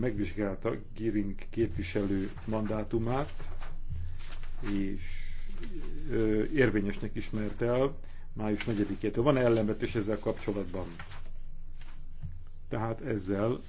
megvizsgálta Giring képviselő mandátumát, és érvényesnek ismert el május 4-től. Van ellenvetés ezzel kapcsolatban? Tehát ezzel